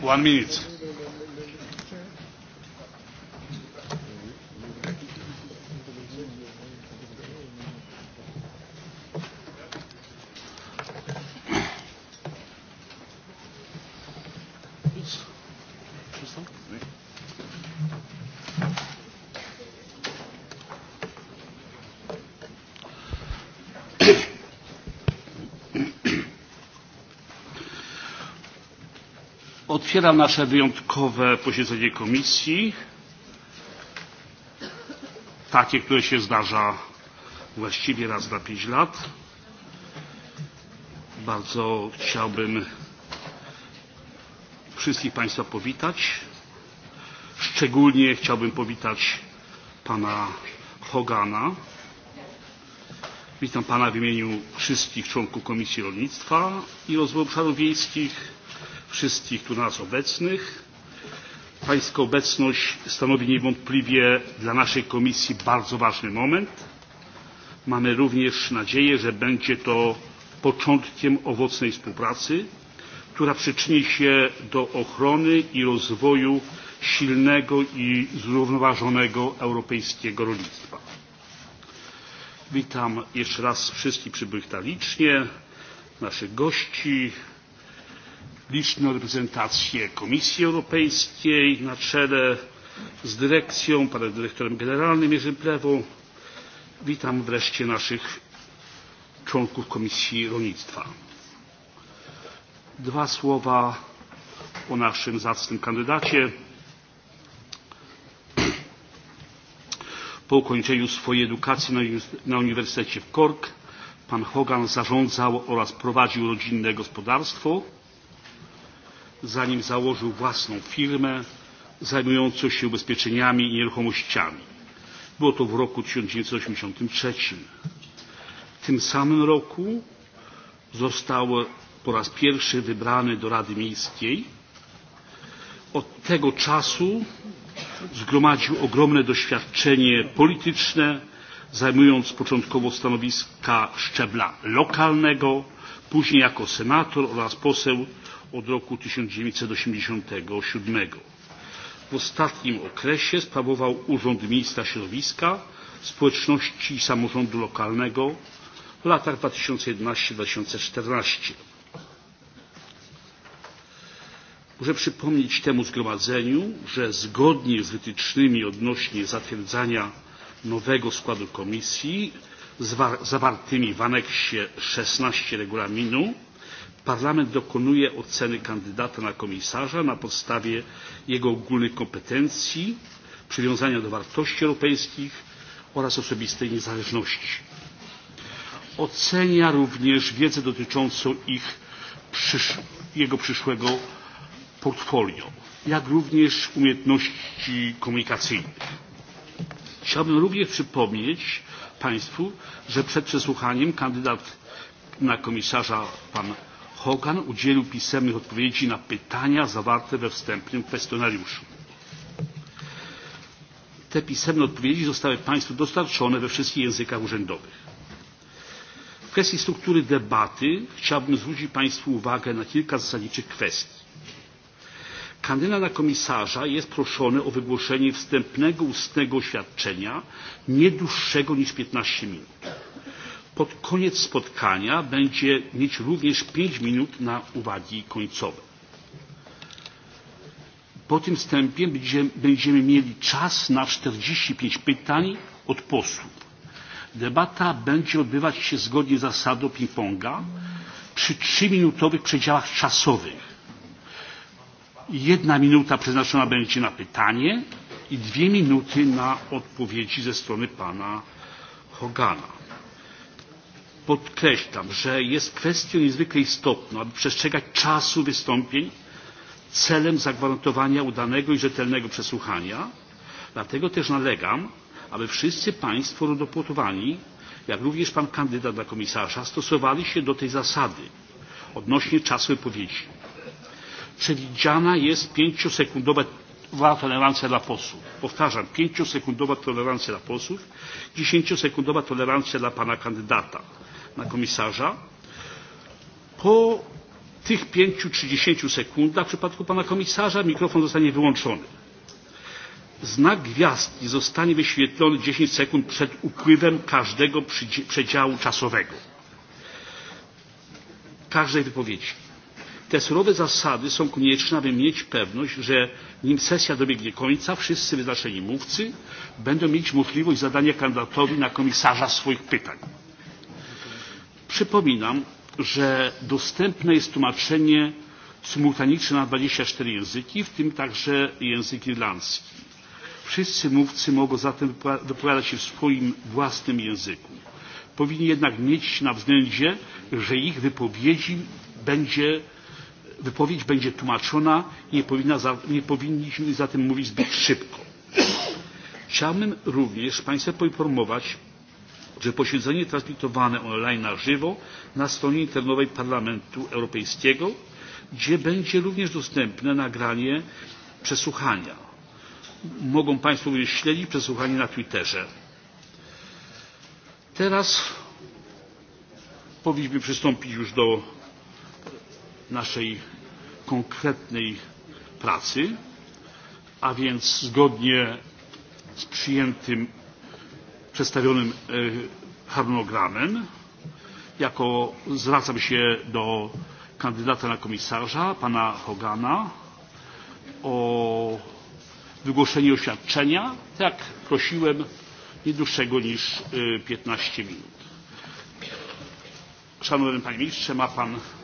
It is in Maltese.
One minute. Otwieram nasze wyjątkowe posiedzenie komisji, takie, które się zdarza właściwie raz na pięć lat. Bardzo chciałbym wszystkich Państwa powitać. Szczególnie chciałbym powitać Pana Hogana. Witam Pana w imieniu wszystkich członków Komisji Rolnictwa i Rozwoju Obszarów Wiejskich wszystkich tu nas obecnych. Pańska obecność stanowi niewątpliwie dla naszej komisji bardzo ważny moment. Mamy również nadzieję, że będzie to początkiem owocnej współpracy, która przyczyni się do ochrony i rozwoju silnego i zrównoważonego europejskiego rolnictwa. Witam jeszcze raz wszystkich przybyłych talicznie, naszych gości, liczną reprezentację Komisji Europejskiej na czele z dyrekcją, panem dyrektorem generalnym Jerzym Plewą. Witam wreszcie naszych członków Komisji Rolnictwa. Dwa słowa o naszym zacnym kandydacie. Po ukończeniu swojej edukacji na, na Uniwersytecie w Cork pan Hogan zarządzał oraz prowadził rodzinne gospodarstwo zanim założył własną firmę zajmującą się ubezpieczeniami i nieruchomościami. Było to w roku 1983. W tym samym roku został po raz pierwszy wybrany do Rady Miejskiej. Od tego czasu zgromadził ogromne doświadczenie polityczne, zajmując początkowo stanowiska szczebla lokalnego, później jako senator oraz poseł od roku 1987. W ostatnim okresie sprawował Urząd Ministra Środowiska, Społeczności i Samorządu Lokalnego w latach 2011-2014. Muszę przypomnieć temu zgromadzeniu, że zgodnie z wytycznymi odnośnie zatwierdzania nowego składu komisji zawartymi w aneksie 16 regulaminu Parlament dokonuje oceny kandydata na komisarza na podstawie jego ogólnych kompetencji, przywiązania do wartości europejskich oraz osobistej niezależności. Ocenia również wiedzę dotyczącą ich, przysz jego przyszłego portfolio, jak również umiejętności komunikacyjnych. Chciałbym również przypomnieć Państwu, że przed przesłuchaniem kandydat na komisarza pan Hogan udzielił pisemnych odpowiedzi na pytania zawarte we wstępnym kwestionariuszu. Te pisemne odpowiedzi zostały Państwu dostarczone we wszystkich językach urzędowych. W kwestii struktury debaty chciałbym zwrócić Państwu uwagę na kilka zasadniczych kwestii. Kandydat na komisarza jest proszony o wygłoszenie wstępnego ustnego oświadczenia nie dłuższego niż 15 minut. Pod koniec spotkania będzie mieć również 5 minut na uwagi końcowe. Po tym wstępie będziemy mieli czas na 45 pytań od posłów. Debata będzie odbywać się zgodnie z zasadą ping-ponga przy 3-minutowych przedziałach czasowych. Jedna minuta przeznaczona będzie na pytanie i dwie minuty na odpowiedzi ze strony pana Hogana podkreślam, że jest kwestią niezwykle istotną, aby przestrzegać czasu wystąpień celem zagwarantowania udanego i rzetelnego przesłuchania. Dlatego też nalegam, aby wszyscy Państwo rodopłotowani, jak również Pan kandydat na komisarza, stosowali się do tej zasady odnośnie czasu wypowiedzi. Przewidziana jest pięciosekundowa tolerancja dla posłów. Powtarzam, pięciosekundowa tolerancja dla posłów, dziesięciosekundowa tolerancja dla Pana kandydata na komisarza. Po tych 5-30 sekundach w przypadku pana komisarza mikrofon zostanie wyłączony. Znak gwiazdki zostanie wyświetlony 10 sekund przed upływem każdego przedziału czasowego każdej wypowiedzi. Te surowe zasady są konieczne, aby mieć pewność, że nim sesja dobiegnie końca, wszyscy wyznaczeni mówcy będą mieć możliwość zadania kandydatowi na komisarza swoich pytań. Przypominam, że dostępne jest tłumaczenie symultaniczne na 24 języki, w tym także język irlandzki. Wszyscy mówcy mogą zatem wypowiadać się w swoim własnym języku. Powinni jednak mieć na względzie, że ich wypowiedzi będzie, wypowiedź będzie tłumaczona i nie, powinna, nie powinniśmy zatem mówić zbyt szybko. Chciałbym również Państwa poinformować, że posiedzenie transmitowane online na żywo na stronie internetowej Parlamentu Europejskiego, gdzie będzie również dostępne nagranie przesłuchania. Mogą Państwo również śledzić przesłuchanie na Twitterze. Teraz powinniśmy przystąpić już do naszej konkretnej pracy, a więc zgodnie z przyjętym przedstawionym e, harmonogramem. Jako zwracam się do kandydata na komisarza, pana Hogana, o wygłoszenie oświadczenia, tak jak prosiłem, nie dłuższego niż 15 e, minut. Szanowny Panie Ministrze, ma Pan